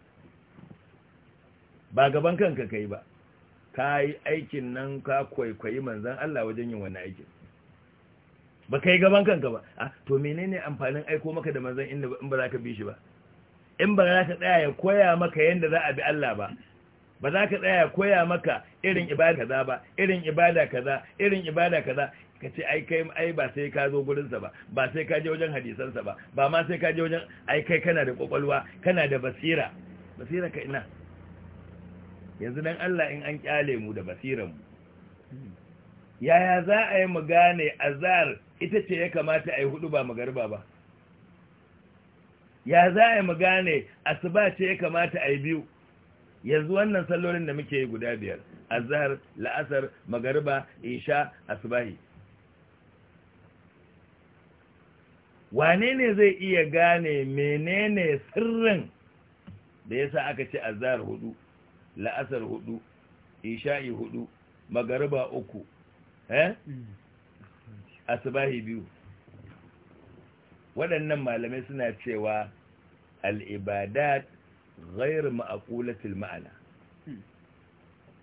ba gaban kanka kai ba ka yi aikin nan ka kwaikwayi manzan Allah wajen yin wani aikin ba ka yi gaban kanka ba a ah, to menene amfanin aiko maka da manzan inda in ba za ka bi shi ba in ba za ka tsaya ya koya maka yadda za a bi Allah ba ba za ka tsaya ya koya maka irin ibada kaza ba irin ibada kaza irin ibada kaza ka ce ai kai ai ba sai ka zo gurinsa ba ba sai ka je wajen hadisansa ba ba ma sai ka je wajen ai kai kana da kwakwalwa kana da basira basira ka ina yanzu dan Allah in an kyale mu da basiran
mu
yaya za a yi mu gane azar ita ce ya kamata a yi hudu ba magarba ba ya za a yi mu gane asuba ce ya kamata a yi biyu yanzu wannan sallolin da muke yi guda biyar azhar la'asar magariba isha asbahi wane ne zai iya gane menene sirrin da yasa aka ce azhar hudu la'asar hudu isha'i hudu magariba uku eh asbahi biyu waɗannan malamai suna cewa al'ibadat غير مأقولة المعنى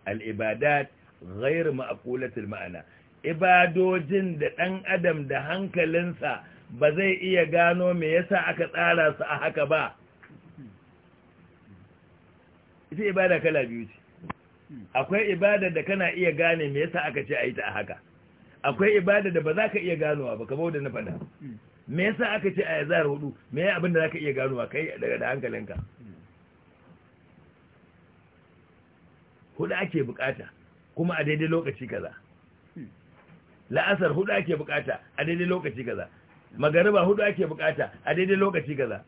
العبادات غير المعنى ibadojin da ɗan adam da hankalinsa ba zai iya gano me yasa aka tsara su a haka ba ita ibada kala biyu ce akwai ibada da kana iya gane me yasa aka ce a yi ta a haka akwai ibada da ba za ka iya ganowa ba kamar da na faɗa me yasa aka ce a yazar hudu me ya abin da za ka iya ganowa kai daga da hankalinka hudu ake bukata kuma a daidai lokaci kaza la'asar hudu ake bukata a daidai lokaci kaza Magari ba hudu ake bukata a daidai lokaci gaza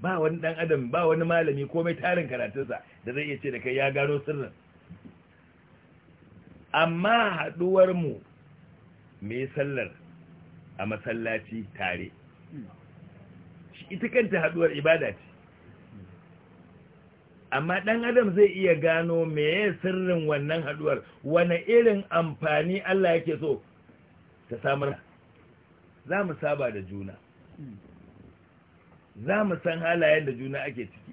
ba wani dan adam ba wani malami komai tarin karatunsa da zai iya ce da kai ya gano sirrin amma haduwar mu me sallar a masallaci tare ita kanta haduwar ibada ce amma ɗan adam zai iya gano meye sirrin wannan haduwar wane irin amfani Allah yake so ta samar za mu saba da juna za mu san halayen da juna ake ciki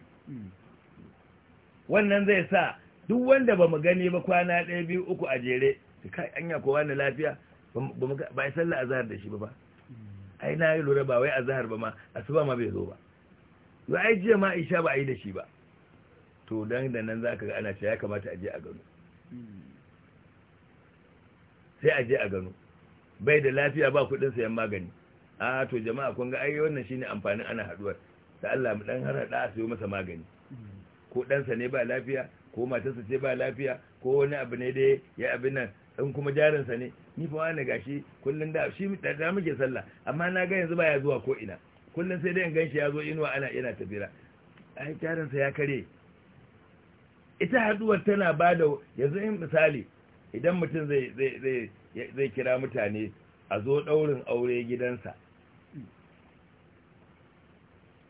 wannan zai sa duk wanda ba mu gani ba kwana ɗaya biyu uku a jere su kai yi kowa na lafiya ba a sallah azahar da shi ba ba ai na yi lura ba wai azahar ba ma a ba ma bai zo ba yau ai jiya ma isha ba a yi da shi ba to don da nan za ka ga ana ce ya kamata a je a gano sai a je a gano bai da lafiya ba kuɗin sayan magani a to jama'a kun ga ai wannan shine amfanin ana haduwar Ta Allah mu dan har hada a sayo masa magani ko ɗansa ne ba lafiya ko matarsa ce ba lafiya ko wani abu ne dai ya abin nan in kuma jarinsa ne ni fa wani gashi kullun da shi da muke sallah amma na ga yanzu baya zuwa ko ina kullun sai dai in ganshi ya zo inuwa ana ina tafira ai sa ya kare ita haduwar tana bada yanzu in misali idan mutum zai zai zai zai kira mutane a zo ɗaurin aure gidansa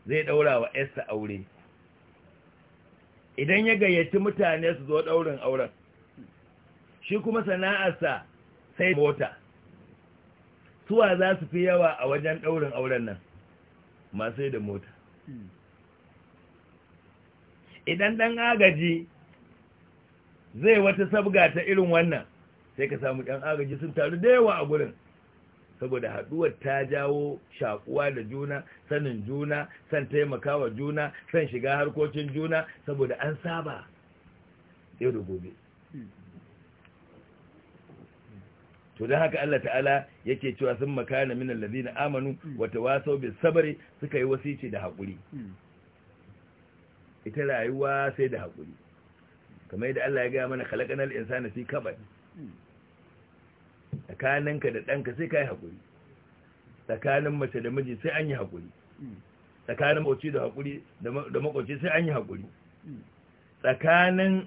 zai ɗaura wa yarsa aure idan ya gayyaci mutane su zo ɗaurin auren shi kuma sana'arsa sai mota suwa za su fi yawa a wajen ɗaurin auren nan masu da mota idan ɗan agaji zai wata sabga ta irin wannan sai ka samu ɗan agaji sun taru da yawa a gurin saboda haɗuwar ta jawo shakuwa da juna sanin juna san taimakawa juna san shiga harkocin juna saboda an saba yau da gobe to don haka Allah ta'ala yake cewa sun makana min allazina amanu wata tawasaw bis sabri suka yi wasici da hakuri ita rayuwa sai da hakuri kamar yadda Allah ya gaya mana khalaqanal insana fi kabad tsakaninka da ɗanka sai ka yi haƙuri tsakanin mace da miji sai an yi haƙuri tsakanin mace da haƙuri da makwace sai an yi haƙuri tsakanin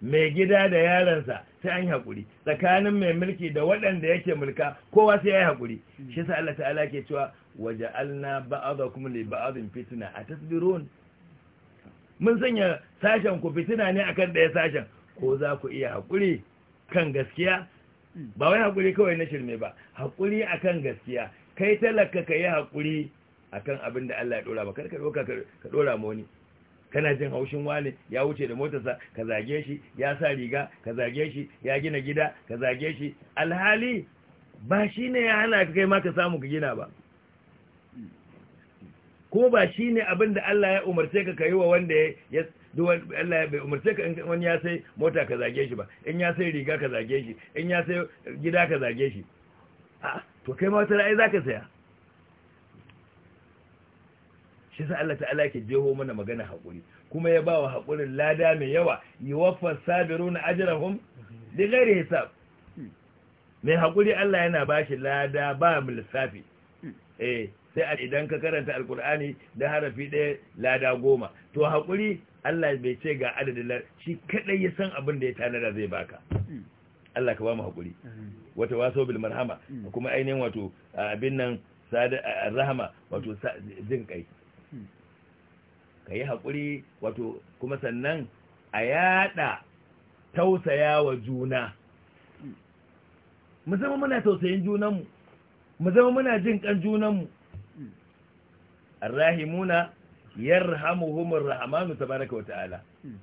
mai gida da yaransa sai an yi haƙuri tsakanin mai mulki da waɗanda yake mulka kowa sai ya yi haƙuri shi sa Allah ta'ala ke cewa waje alna ba'adha kuma li ba'adhin fitina a tasbirun mun sanya sashen ku fitina ne akan ɗaya sashen ko za ku iya haƙuri kan gaskiya ba wai haƙuri kawai na shirme ba haƙuri akan gaskiya kai talaka ka yi haƙuri akan abin da Allah ya ɗora ba karka ɗoka ka ɗora ma wani kana jin haushin wani ya wuce da motarsa ka zage shi ya sa riga ka zage shi ya gina gida ka zage shi alhali ba shi ne ya hana ka kai ma ka samu ka gina ba ko ba shi ne abin da Allah ya umarce ka ka yi wa wanda ya duk Allah bai umarce ka in wani ya sai mota ka zage shi ba in ya sai riga ka zage shi in ya sai gida ka zage shi a to kai ma wata ra'ayi zaka saya shi sa Allah ta'ala ke jeho mana magana haƙuri kuma ya ba wa haƙurin lada mai yawa yi waffar ajrahum na ghairi gari hisab mai haƙuri Allah yana ba shi lada ba mu lissafi eh sai idan ka karanta alkur'ani da harafi ɗaya lada goma to haƙuri Allah bai ce ga adadin lar shi kadai ya san abin da ya tanada zai baka Allah ka ba mu hakuri wata waso bil marhama kuma ainihin wato abin nan sada rahama wato jin kai kai hakuri wato kuma sannan a yada tausaya wa juna mu zama muna tausayin junanmu mu zama muna jin kan junanmu arrahimuna yarhamuhumur rahmanu tabaraka wa ta'ala hmm.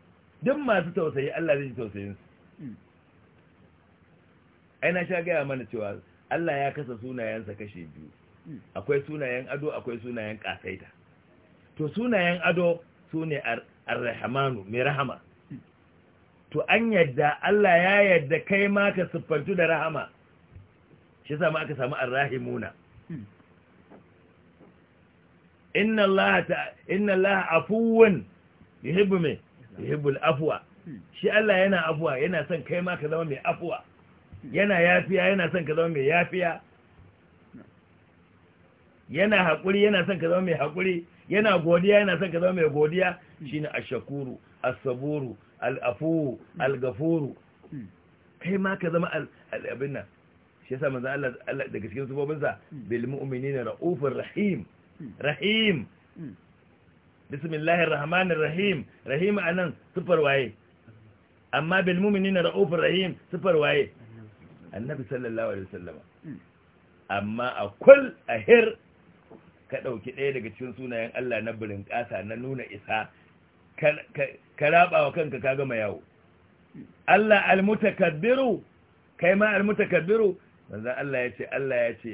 duk masu tausayi Allah zai ji tausayin su hmm. ai na sha gaya mana cewa Allah ya kasa sunayensa kashe biyu hmm. akwai sunayen ado akwai sunayen kasaita to sunayen ado sune ar-rahmanu mai rahama to an yadda Allah ya yadda kai ma ka siffantu da rahama shi ma aka samu arrahimuna inna Allah ta ya Allah afuwan Ya me yuhibbul afwa shi Allah yana afuwa yana son kai ma ka zama mai afuwa yana yafiya yana son ka zama mai yafiya yana haƙuri yana son ka zama mai haƙuri yana godiya yana son ka zama mai godiya Shi shine ashakuru Asaburu, saburu al-afu al-ghafuru kai ma ka zama al-abin nan shi yasa manzo Allah daga cikin sifofin sa na mu'minina raufur rahim rahim hmm. bismillahir rahmanir rahim rahim anan sifar waye amma bil mu'minina raufur rahim sifar waye annabi sallallahu alaihi wasallama hmm. amma a kul a ka dauki ɗaya daga cikin sunayen Allah na birin ƙasa na nuna isa ka raba wa kanka ka gama yawo hmm. Allah almutakabbiru kai ma almutakabbiru manzo Allah yace Allah ya ce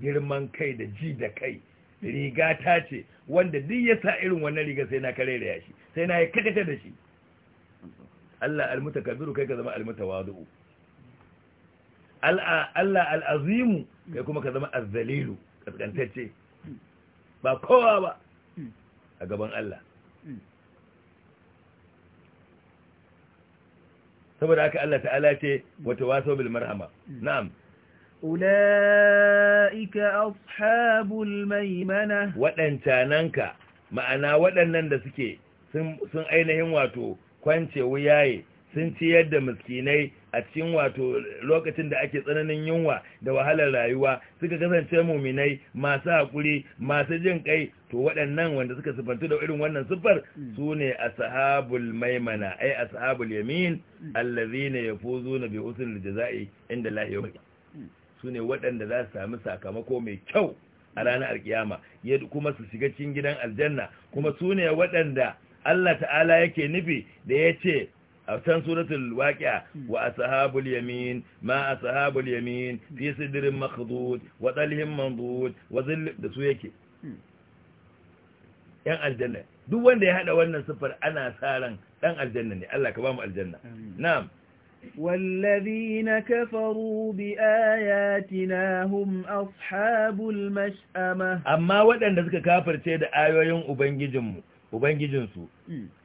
girman kai da ji da kai riga ta ce wanda duk ya sa irin wannan riga sai na kare da shi sai na ya kakata da shi Allah Kabiru kai ka zama almutawadu Allah al'azimu kai kuma ka zama azzalilu kaskantacce ba kowa ba a gaban Allah saboda haka Allah ta'ala ce wata waso bil marhama na'am
أولئك أصحاب الميمنة
waɗancananka ma'ana waɗannan da suke sun ainihin wato kwance wuyaye sun ciyar da miskinai a cikin wato lokacin da ake tsananin yunwa da wahalar rayuwa suka kasance muminai masu haƙuri masu jin kai to waɗannan wanda suka sifantu da irin wannan sifar su ne ashabul maimana ai ashabul yamin allazina yafuzuna bi husnil jazai inda lahi su ne waɗanda za su sami sakamako mai kyau a ranar alkiyama kuma su shiga cikin gidan aljanna kuma su ne waɗanda Allah ta'ala yake nufi da ya ce a can suratul waqi'a wa ashabul yamin ma ashabul yamin fi sidrin makhdud wa dalhim mandud wa zill da su yake yan aljanna duk wanda ya hada wannan sifar ana sa ran dan aljanna ne Allah ka ba mu aljanna na'am
والذين كفروا بآياتنا هم أصحاب المشأمة
أما ودن ذكا كافر تيد آيو يوم أبنججم أبنججنسو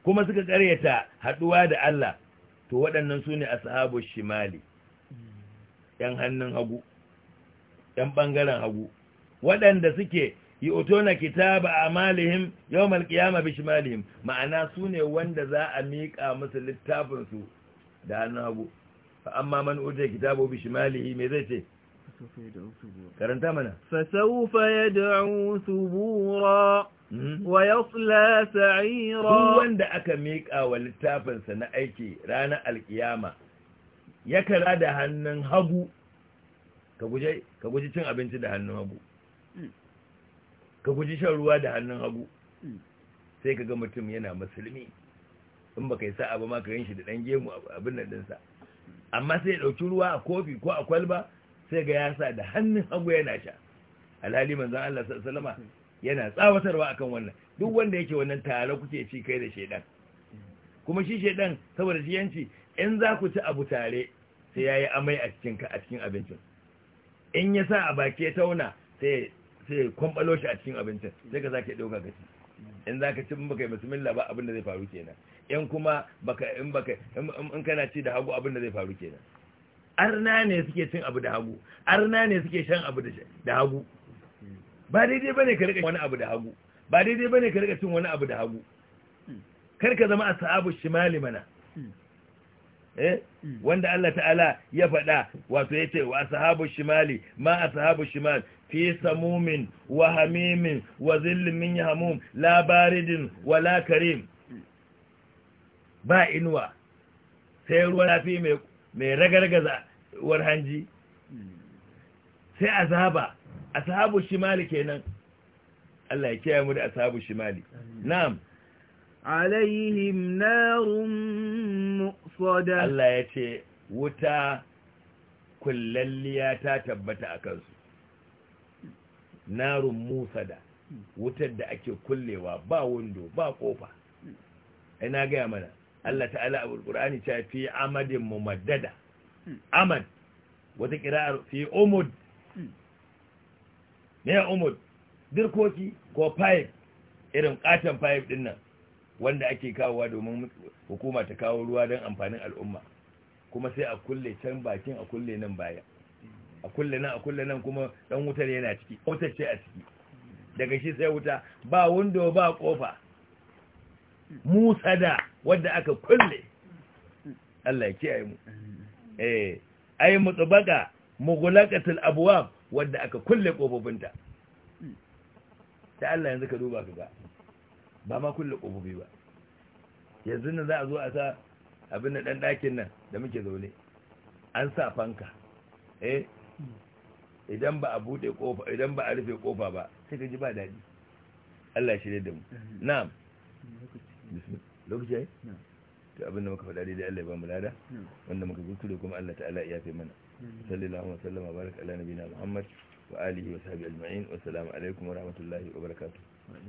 كما ذكا قريتا دا الله تو ودن ننسوني أصحاب ashabu ‘yan hannun hagu, ‘yan bangaren hagu, waɗanda suke yi otona kitaba a malihim yau malkiyama bi ma'ana su ne wanda za a miƙa musu littafinsu da hannun hagu fa amma man uje kitabu bi shimalihi me zai ce
karanta mana fa sawfa yad'u thubura hmm? wa yasla sa'ira duk wanda
aka mika wa littafin sa na aiki ranar alkiyama ya kara da hannun hagu ka guje ka guji cin abinci da hannun hagu ka guji shan ruwa da hannun hagu hmm. sai ka ga mutum yana musulmi in ba sa sa'a ba ma ka shi da ɗan gemu abin nan ɗinsa amma sai ya ɗauki ruwa a kofi ko a kwalba sai ga ya sa da hannun hagu yana sha alhali manzan Allah sallallahu yana tsawatarwa akan wannan duk wanda yake wannan tare kuke ci kai da shedan kuma shi shaidan saboda shi yanci in za ku ci abu tare sai ya yi amai a cikin ka a cikin abincin in ya sa a baki ya tauna sai sai kwambalo shi a cikin abincin sai ka sake ɗauka ka ci in za ka ci in baka yi bismillah ba abin da zai faru kenan in kuma baka in baka in kana ci da hagu abin da zai faru kenan arna ne suke cin abu da hagu arna ne suke shan abu da hagu ba daidai bane ka rika wani abu da hagu ba daidai bane ka rika cin wani abu da hagu kar ka zama ashabu shimali mana eh wanda Allah ta'ala ya faɗa wato yace wa ashabu shimali ma ashabu shimal fi samumin wa hamimin wa zillimin hamum la baridin karim ba inuwa sai ruwan rafi mai ragargaza war hanji sai azaba ashabu shimali kenan Allah ya kiyaye mu da ashabu shimali na'am
alaihim narun muqsada
Allah ya ce wuta kullalliya ta tabbata akan su narun da wutar da ake kullewa ba wando ba kofa ina gaya mana Allah ta'ala abu qur'ani ta fi amadin mumaddada amad wata kira'ar fi umud ne umud dirkoki ko pipe irin katon pipe din nan wanda ake kawowa domin hukuma ta kawo ruwa don amfanin al'umma kuma sai a kulle can bakin a kulle nan baya a kulle nan a kulle nan kuma dan wutar yana ciki wutar ce a ciki daga shi sai wuta ba window ba kofa musa da wadda aka kulle Allah ya kiyaye mu eh ay mutabaka mughlaqatul abwab wadda aka kulle kofofinta Ta Allah yanzu ka duba ka ga ba ma kulle kofofi ba yanzu nan za a zo a sa abin da dan dakin nan da muke zaune an sa fanka eh idan ba a bude kofa idan ba a rufe kofa ba sai ka ji ba daɗi Allah shi da mu na'am lokaci yayi to abin da muka faɗa daidai Allah ya ba mu lada wanda muka gurkure kuma Allah ta'ala ya fi mana sallallahu alaihi wa sallam baraka ala nabiyina muhammad wa alihi wa sahbihi ajma'in wa assalamu alaikum wa rahmatullahi wa barakatuh